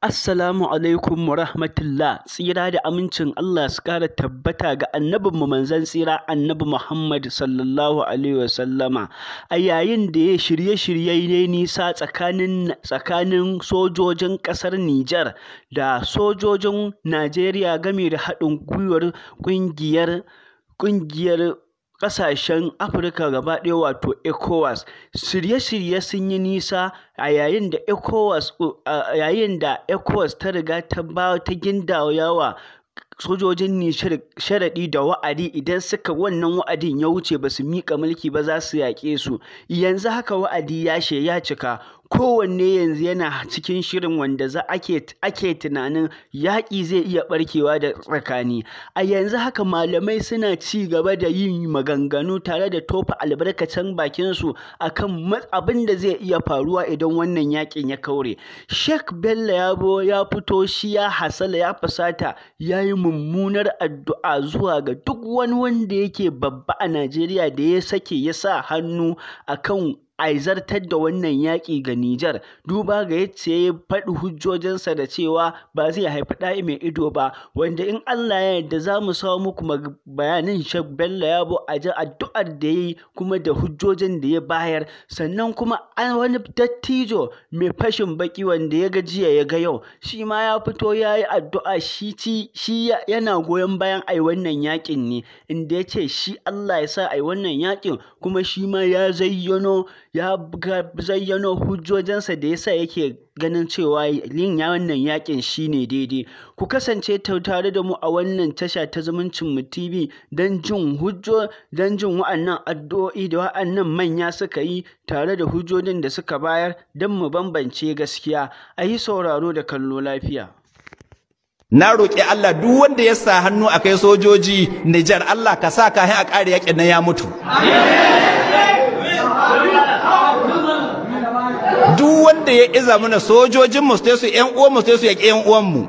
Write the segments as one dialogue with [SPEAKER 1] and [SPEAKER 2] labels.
[SPEAKER 1] Assalamu alaikum wa rahmatullah, tsira da amincin Allah su kara tabbata ga annabinmu manzan tsira annabi Muhammad sallallahu Alaihi wasallama a yayin da ya shirye-shirye ne nisa tsakanin sojojin ƙasar Nijar da sojojin Najeriya game da haɗin gwiwar kungiyar ƙungiyar ƙasashen Afirka gaba ɗaya wato ECOWAS shirye-shirye sun yi nisa a yayin da ECOWAS ta riga ta ba ginda yawa sojojin Nijar sharaɗi da wa'adi idan suka wannan wa'adin ya wuce ba su miƙa mulki ba za su yaƙe su. Yanzu haka wa'adi ya cika. kowanne yanzu yana cikin shirin wanda za ake, tunanin yaƙi zai iya barkewa da tsakani a yanzu haka malamai suna ci gaba da yin maganganu tare da tofa albarkacin bakinsu akan abin da zai iya faruwa idan wannan yaƙin ya kaure sheikh bello bo ya fito shi ya hasala ya fasata ya yi mummunar addu'a zuwa ga duk wani wanda yake babba a najeriya da ya sake ya sa hannu akan a zartar da wannan yaƙi ga Nijar duba ga yadda ya faɗi hujjojinsa da cewa ba zai haifi ɗai mai ido ba wanda in Allah ya yarda za mu samu muku bayanin Sheikh Bello Yabo a ji addu'ar da ya yi kuma da hujjojin da ya bayar sannan kuma an wani dattijo mai fashin baki wanda ya ga jiya ya ga yau shi ma ya fito ya yi addu'a shi ci shi yana goyon bayan ai wannan yaƙin ne inda ya ce shi Allah ya sa ai wannan yaƙin kuma shi ma ya zayyano ya zayyano hujjojinsa da yasa yake ganin cewa yin wannan yakin shine daidai. Ku kasance tare da mu a wannan tasha ta zumuncin mu TV don jin hujjo dan jin wa'annan addu'o'i da wa'annan manya suka yi tare da hujjojin da suka bayar dan mu bambance gaskiya. A yi sauraro da kallo lafiya.
[SPEAKER 2] na roƙi Allah duk wanda ya sa hannu akai sojoji Nijar Allah ka sa ka hin a ƙare yaƙin nan ya mutu duk wanda ya iza mana sojojin mu sai su ƴan uwan mu sai su yaƙi ƴan uwan mu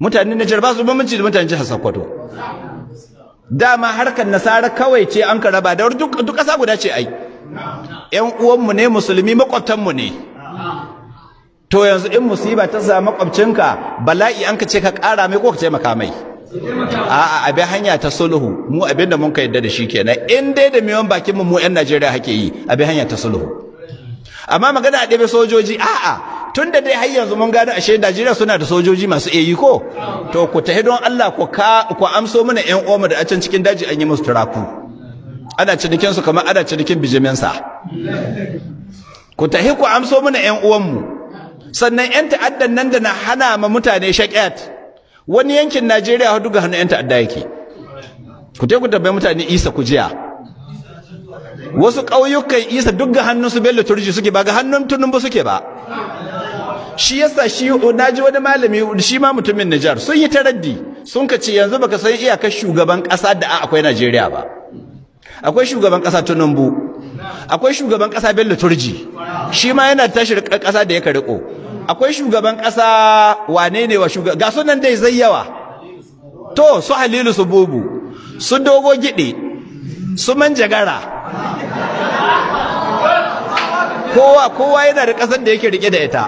[SPEAKER 2] mutane na jarba su bambanci da mutanen jihar Sokoto dama harkar nasara kawai ce an ka raba da duk duk ƙasa guda ce ai ƴan uwan mu ne musulmi makwabtan mu ne to yanzu in musiba ta samu makwabcinka bala'i an ka ce ka ƙara mai ko ka taimaka mai a'a abin hanya ta sulhu mu abin da mun ka yadda da shi kenan in dai da miyon bakin mu mu ƴan Najeriya hake yi abin hanya ta sulhu amma magana a ɗabe sojoji a'a tun da dai har yanzu mun gano ashe Najeriya suna da sojoji masu eyi ko to ku tahi don Allah ku ka ku amso mana ƴan omar da a can cikin daji an yi musu turaku ana cinikin su kamar ana cinikin bijimin sa ku tahi ku amso mana ƴan mu. sannan 'yan ta'addan nan da na hana ma mutane shaqiyat wani yankin Najeriya har duka hannun ƴan ta'adda yake ku tahi ku tabbai mutane Isa ku jiya wasu ƙauyukan isa duk ga hannun su bello turji suke ba ga hannun ba suke ba shi yasa shi naji wani malami shi ma mutumin Nijar sun yi taraddi sun ka ce yanzu baka san iyakar shugaban ƙasa da akwai Najeriya ba akwai shugaban ƙasa bu. akwai shugaban ƙasa bello turji shi ma yana tashi ƙasa da ya riko akwai shugaban ƙasa wane ne wa shugaban ga sunan dai zai yawa to su halilu su bubu su dogo gide su manjagara kowa kowa yana da ƙasar da yake rike da ita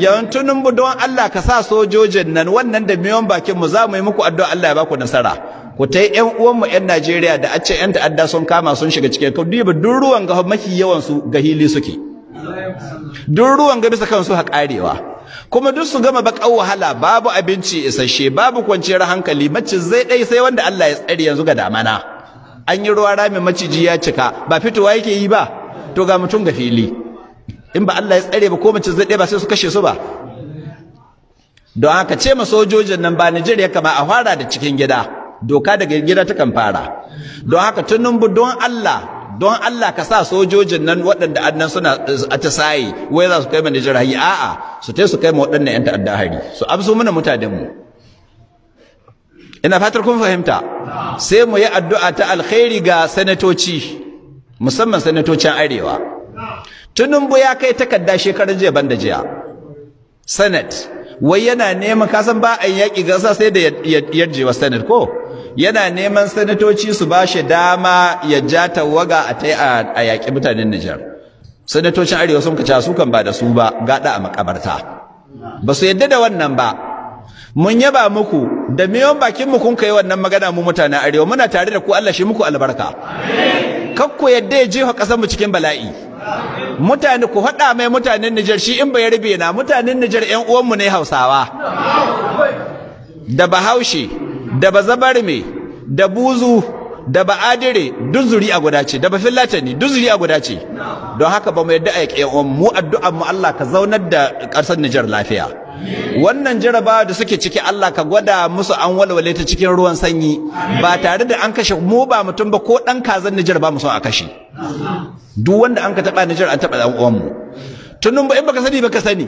[SPEAKER 2] yantunin mu don Allah ka sa sojojin nan wannan da miyon bakin za mu yi muku addu'a Allah ya ba ku nasara ku ta yi ƴan uwanmu ƴan Najeriya da a ce ƴan ta'adda sun kama sun shiga cikin ka duba duk ruwan ga mafi yawan su ga hili suke duk ruwan ga bisa kansu ha karewa kuma duk su gama baƙar wahala babu abinci isasshe babu kwanciyar hankali mace zai ɗai sai wanda Allah ya tsare yanzu ga damana an yi ruwa ramin maciji ya cika ba fitowa yake yi ba to ga mutum ga fili in ba Allah ya tsare ba ko mace zai ba sai su kashe su ba don haka ce ma sojojin nan ba Najeriya kama a fara da cikin gida doka daga gida ta kan fara don haka bu don Allah don Allah ka sa sojojin nan waɗanda annan suna atisaye wai za su kai ma Najeriya a'a su tai su kai ma waɗannan 'yan ta'adda hari su abso mana mutanenmu mu ina fatar kun fahimta sai mu yi addu'a ta alkhairi ga sanatoci musamman sanatocin arewa tunumbu ya kai takarda shekarar jiya banda jiya senate wai yana neman kasan ba an yaƙi gasa sai da yarjewa senate ko yana neman sanatoci su ba shi dama ya ja tawaga a tai a yaƙi mutanen Nijar sanatocin arewa sun kaca su kan ba da su ba gada a makabarta ba su yadda da wannan ba mun yaba muku da miyon bakin mu kun kai wannan magana mu mutanen arewa muna tare da ku Allah shi muku albarka ku yadda ya jefa kasar mu cikin bala'i mutane ku faɗa mai mutanen Nijar shi in bai rube na mutanen Nijar ƴan uwan mu ne Hausawa da Bahaushe da Bazabarme da Buzu da ba Adire duk a guda ce da ba ne duk a guda ce don haka ba mu yadda a yake yan um, mu addu'a mu Allah ka zaunar da ƙasar Nijar lafiya wannan jaraba da suke ciki Allah ka gwada musu an walwale ta cikin ruwan sanyi ba tare da an kashe mu ba mutum ba ko ɗan kazan Nijar ba mu son a kashe duk wanda an ka taɓa Nijar an taba ɗan uwan mu tunun ba in baka sani baka sani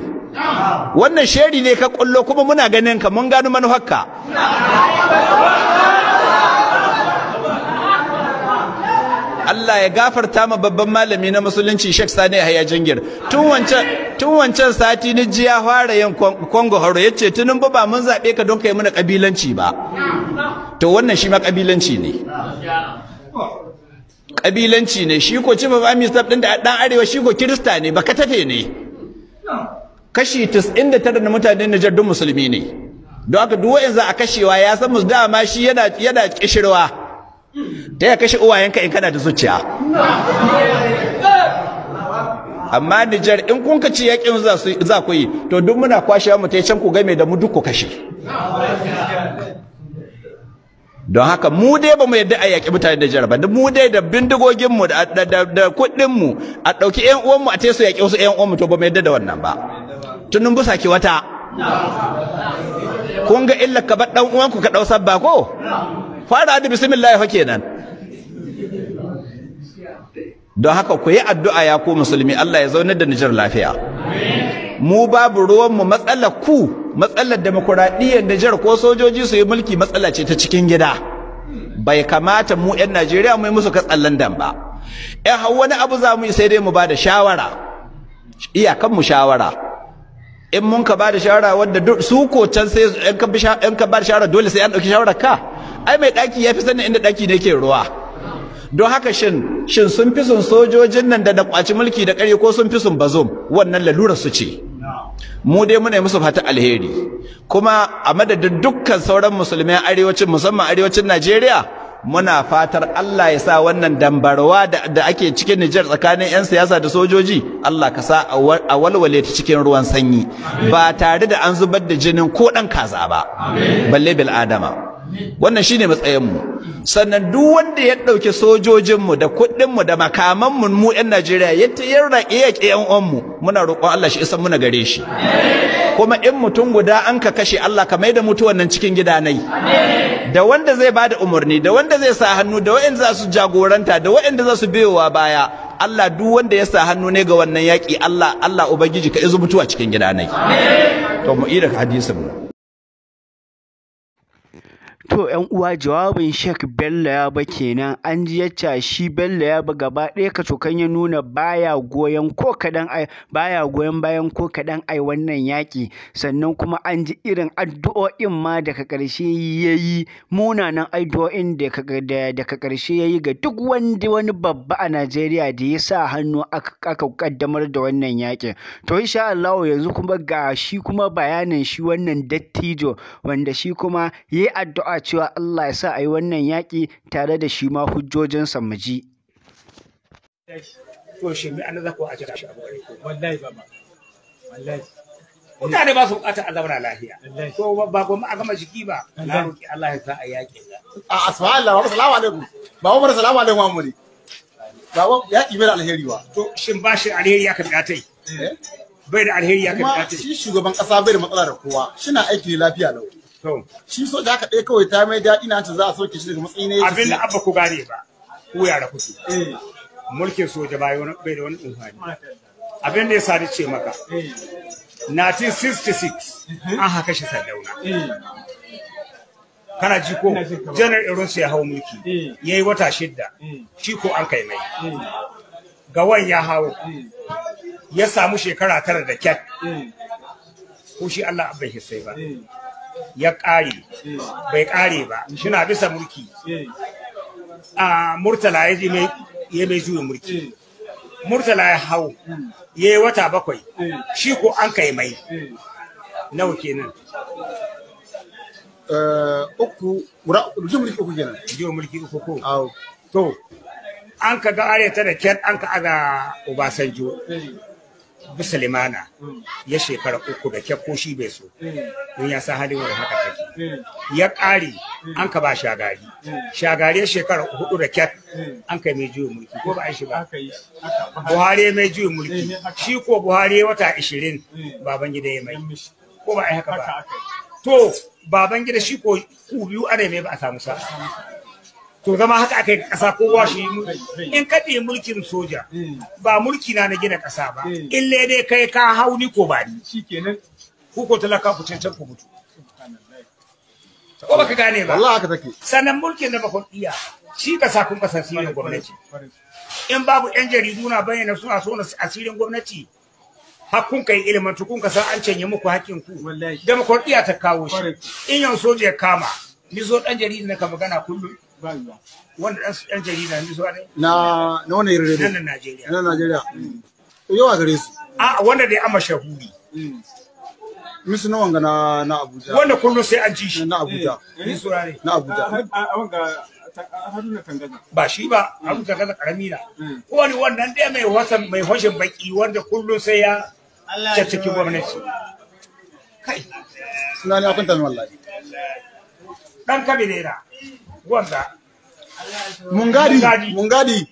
[SPEAKER 2] wannan sheri ne ka kullo kuma muna ganin ka mun gano manufarka Allah ya gafarta ma babban malami na musulunci Sheikh Sani Yahya Jingir tun wancan tun wancan sati ni ji ya fara yin Congo horo yace tunin ba ba mun zabe ka don kai mana kabilanci ba to wannan shi ma kabilanci ne kabilanci ne shi ko chief of army din da dan arewa shi ko kirista ne baka tafe ne kashi 99 na mutanen Nijar duk musulmi ne don haka duk wa'in za a kashewa ya san musu dama shi yana yana kishirwa ta ya kashe uwayenka in kana da zuciya amma Nijar in kun kaci yakin za ku yi to duk muna kwashe mu tai can ku game da mu duk ku kashe don haka mu dai ba mu yadda a yaƙi mutane da jarba da mu dai da bindigogin da kuɗin a ɗauki ƴan uwan a tai su wasu ƴan uwan mu to ba mu yadda da wannan ba tunun busa ki wata kun ga illa ka bar dan uwanku ka dau sabba ko fara da bismillah fa kenan don haka ku yi addu'a ya ku musulmi Allah ya zaunar da Nijar lafiya mu babu ruwan mu matsalar ku matsalar demokuraɗiyyar Nijar ko sojoji su yi mulki matsala ce ta cikin gida bai kamata mu 'yan Najeriya mu yi musu katsallan dan ba 'yan eh, hau wani abu za mu yi sai dai mu ba da shawara iyakan shawara in mun ka bada shawara wadda su ko can sai in ka ba da shawara dole sai an ɗauki shawara ka ai mai ɗaki ya fi sanin inda ɗaki ne ke ruwa don haka shin shin sun fi sun sojojin nan da da kwaci mulki da ƙarya ko sun fi sun bazum wannan lalurar su ce mu dai muna yi musu fata alheri kuma a madadin dukkan sauran musulmai arewacin musamman arewacin Najeriya muna fatar Allah ya sa wannan dambarwa da ake cikin Nijar tsakanin 'yan siyasa da sojoji Allah ka sa a walwale ta cikin ruwan sanyi ba tare da an zubar da jinin ko ɗan kaza ba balle bil adama wannan shine mu. sannan duk wanda ya ɗauki mu da kuɗin mu da makaman mu 'yan Najeriya ya tayar da iyaƙe uwan mu, muna roƙon Allah shi isa muna gare shi kuma in mutum guda an ka kashe Allah ka maida mutuwan nan cikin gidanai da wanda zai bada umarni da wanda zai sa hannu da waɗanda za su jagoranta da waɗanda za su biyowa baya Allah duk wanda ya sa hannu ne ga wannan yaki Allah Allah ubangiji ka izu mutuwa cikin gida nai to mu ira hadisin
[SPEAKER 1] To ‘yan uwa jawabin Sheikh Bello Yaba kenan, an ji yacca shi Bello ya gaba ɗaya kacokan ya nuna baya goyon ko kaɗan baya goyon bayan ko kaɗan ai wannan yaƙi, sannan kuma an ji irin addu'o'in ma daga ƙarshe ya yi munanan addu'o'in daga ƙarshe ya yi ga duk wanda wani babba a Najeriya da ya sa hannu aka ƙaddamar da wannan yaƙin. To insha Allah yanzu kuma ga shi kuma bayanin shi wannan dattijo wanda shi kuma ya yi addu'a cewa Allah ya sa a yi wannan yaƙi tare da shi ma hujjojin samaji.
[SPEAKER 3] a kuma a gama jiki ba yaƙi bai da alheri ba ya tai bai da alheri ya tai shi shugaban ƙasa bai da matsala da kowa shina aiki lafiya lau shi so da aka ɗaya kawai ta mai daɗi na ta za a soke shi daga matsayi ne abin da abba ku gane ba ku yara kuke eh. mulkin soja ba wani bai da wani umfani abin da ya sa ce maka 1966 eh. eh. an haka shi sadauna kana ji ko janar irinsu ya hau mulki ya yi wata shidda shi ko an kai mai gawan ya hau ya samu shekara tara da kyat ko shi Allah abin sai ba ya ƙare bai ƙare ba shina bisa mulki a murtala ya mai juyin mulki murtala ya hau ya yi wata bakwai shi ko an kai mai nawa kenan eh, uku rujin mulki uku kenan rujin mulki uku ko to an ka ga areta da kyan an ka aga obasanjo musulmana ya shekara uku da kyakko shi bai so don ya sa halin wurin haka take ya ƙare an ka ba shagari shagari ya shekara hudu da kyak an kai mai juyin mulki ko ba a shi ba buhari mai juyin mulki shi ko buhari wata ashirin baban gida ya mai ko ba a yi haka ba to baban gida shi ko ku biyu are mai ba a samu sa to zama haka aka yi ƙasa ba shi in ka mulkin soja hmm. ba mulki na na gina ƙasa ba hmm. in dai kai ka hau ni ko ba ni shikenan ku ko talaka ku cancan ku mutu ko baka gane ba wallahi haka take sannan mulkin da bakon iya shi ƙasa kun ƙasa shi ne gwamnati in babu yan jaridu na bayyana suna so na asirin gwamnati hakkun kai ilimin tukun ka san an canye muku hakkin ku demokradiya ta kawo shi in yan soja ya kama ni zo dan jarida na ka magana kullum ba yiwa wanda dan jarida ne su ne na na wannan yarda nan Najeriya nan Najeriya to yawa gare su a wanda dai amma shahuri mm. Misu na wanga na Abuja wanda kullum sai an ji shi na Abuja eh, ni ne. na Abuja a wanga Haruna Tangaza ba shi ba Haruna Tangaza karami na mm. Ko wani wannan dai mai wasan mai hoshin baki wanda kullum sai ya
[SPEAKER 1] caccaki gwamnati kai
[SPEAKER 3] suna ne akwai tanwar lafiya dan kabinera gwanda mungadi mungadi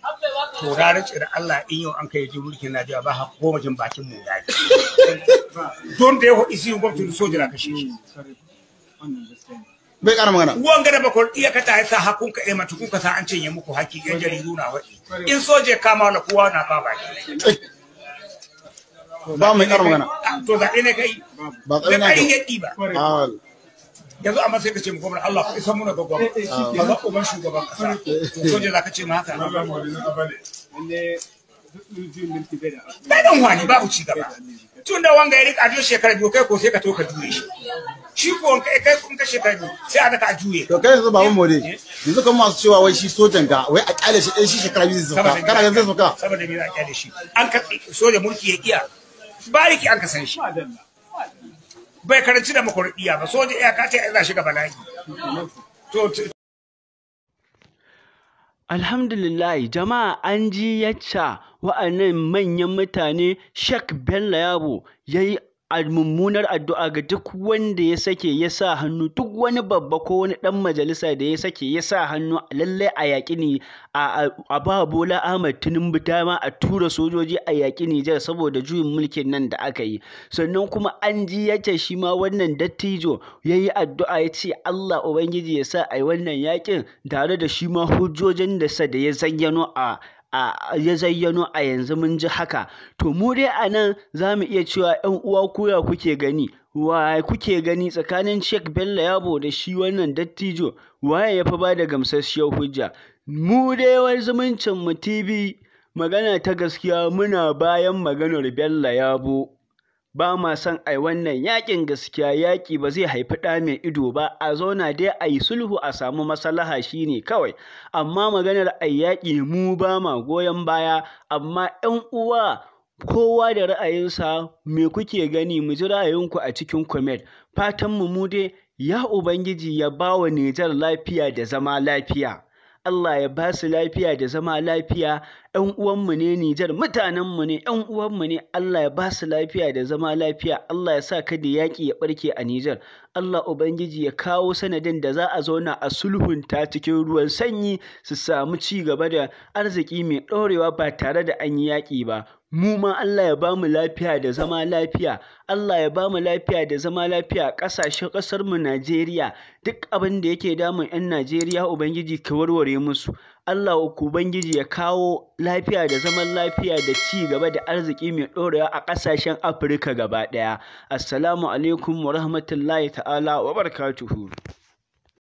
[SPEAKER 3] to da rance da Allah in yau an kai ji mulkin Najeriya ba ha goma jin bakin mungadi don da yau isi gwamnatin soja na kashe shi bai kana magana wanga da bakon iya ka tayi sa hakun ka mata kun ka sa an cinye muku haki yan jaridu na wadi in soje kama na kowa na ba ba mai kara magana to da ina kai ba kai ne ba yanzu amma sai ka ce mu gwamnati Allah ku isa muna ga gwamnati maza uban shugaban kasa to je zaka ce ma haka bai dan wani ba ku ci gaba tun da wanga ya rika jiyo shekara biyu kai ko sai ka to ka juye shi shi ko kai kai kun ka shekara biyu sai aka ka juye to kai yanzu baban mode yanzu kan masu cewa wai shi sojan ga wai a kyale shi dai eh, shi shekara biyu zai sauka kana yanzu zai sauka saboda me za a kyale shi an ka soja mulki ya kiya bariki an ka san shi bai karanci da makwarɗiya ba soja iyaka ce ina shiga bala'i Alhamdu
[SPEAKER 1] Alhamdulillah jama'a an ji yacca wa'annan manyan mutane Sheikh Bello Yabo yayi mummunar addu'a ga duk wanda ya sake ya sa hannu duk wani babba ko wani ɗan majalisa da ya sake ya sa hannu lallai a yaƙi ne a ba Bola Ahmad Tinubu ma a tura sojoji a yaƙi Nijar saboda juyin mulkin nan da aka yi sannan kuma an ji yace shi ma wannan dattijo ya yi addu'a ya ce Allah Ubangiji ya sa a yi wannan yaƙin tare da shi ma hujjojin da sa da ya zayyano a ya zayyano a yanzu mun ji haka to mu dai a nan za mu iya cewa 'yan uwa koya kuke gani waye kuke gani tsakanin Sheikh Bello Yabo da shi wannan dattijo waye ya fi ba da gamsasshiyar hujja mu dai wani zumuncin mu TV magana ta gaskiya muna bayan maganar Bello Yabo Ba ma son ai wannan yaƙin gaskiya yaƙi ba zai haifi ɗa mai ido ba, a zauna dai a yi sulhu a samu maslaha shine kawai, amma maganar a yaki yaƙi mu ba ma goyon baya, amma 'yan uwa kowa da ra'ayinsa me kuke gani mu ji ra'ayinku a cikin comment. Fatanmu mu dai ya Ubangiji ya ba wa Nijar lafiya da zama lafiya. Allah ya ba su lafiya da zama lafiya. ‘yan uwanmu ne Nijar, mutanenmu ne, ‘yan uwanmu ne, Allah ya ba su lafiya da zama lafiya, Allah ya sa da yaƙi ya ɓarke a Nijar, Allah Ubangiji ya kawo sanadin da za a zauna a sulhunta cikin ruwan sanyi su samu ci gaba da arziki mai ɗorewa ba tare da an yi yaƙi ba. mu ma Allah ya ba mu lafiya da zama lafiya Allah ya ba mu lafiya da zama lafiya ƙasashen ƙasarmu Najeriya duk abin da yake damun 'yan Najeriya Ubangiji ka warware musu Allah Ubangiji ya kawo lafiya da zaman lafiya da ci gaba da arziki mai ɗorewa a ƙasashen Afirka gaba ɗaya. Assalamu alaikum wa rahmatullahi ta'ala wa barkatuhu.